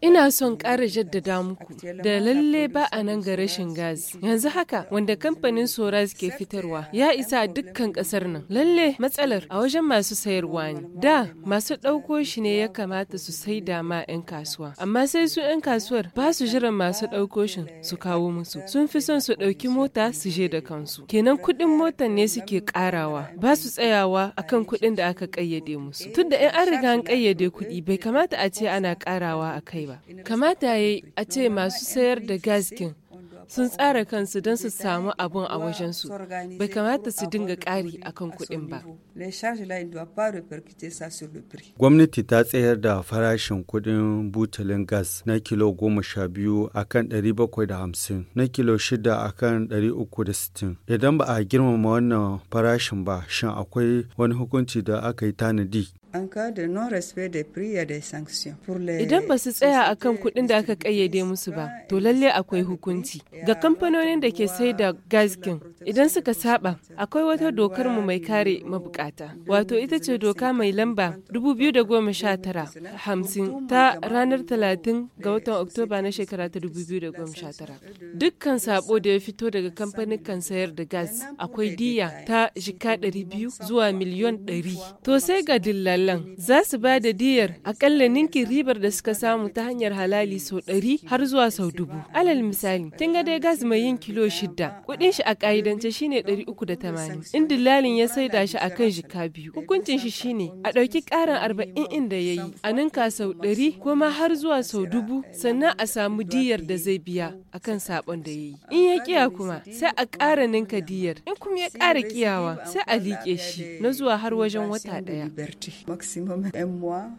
Ina son ƙara jaddada muku da lalle ba a nan ga rashin gas. Yanzu haka wanda kamfanin Soraz ke fitarwa ya isa dukkan ƙasar nan. Lalle matsalar a wajen masu sayarwa ne. Da masu ɗauko shi ne ya kamata su sai da ma 'yan kasuwa. Amma sai su 'yan kasuwar ba su jiran masu ɗauko shi su kawo musu. Sun fi son su ɗauki mota su je da kansu. Kenan kuɗin motar ne suke ƙarawa. Ba su tsayawa akan kuɗin da aka ƙayyade musu. Tunda 'yan an riga an ƙayyade kuɗi daɗi bai kamata a ce ana ƙarawa a kai ba. Kamata ya a ce masu sayar da gaskin sun tsara kansu don su samu abun a wajensu bai kamata su dinga ƙari a kan kuɗin ba. Gwamnati ta tsayar da farashin kuɗin butulin gas na kilo goma sha biyu a kan ɗari bakwai da hamsin na kilo shida a kan ɗari uku da sittin. Idan ba a girmama wannan farashin ba, shin akwai wani hukunci da aka yi tanadi? Idan ba su tsaya a kan kuɗin da aka ƙayyade musu ba, to lalle akwai hukunci. Ga kamfanonin da ke sai da gaskin, idan suka saba, akwai wata dokar mu mai kare mabukata. Wato ita ce doka mai lamba 2019 ta ranar 30 ga watan Oktoba na shekara ta 2019. Dukkan sabo da ya fito daga kamfanin kan sayar da gas, akwai diya ta jika 200 zuwa miliyon 100. To sai ga dilla tallan za su ba da diyar akalla ninkin ribar da suka samu ta hanyar halali sau ɗari har zuwa sau dubu. Alal misali, kin ga dai gas mai yin kilo shida, kuɗin shi a ƙa'idance shine ɗari uku da tamanin. In dillalin ya saida shi a kan jika biyu, hukuncin shi shine a ɗauki ƙarin arba'in inda ya yi, a ninka sau ɗari ko ma har zuwa sau dubu sannan a samu diyar da zai biya a kan saɓon da ya yi. In ya kiya kuma sai a ƙara ninka diyar, in kuma ya ƙara ƙiyawa, sai a liƙe shi na zuwa har wajen wata ɗaya. maximum un mois.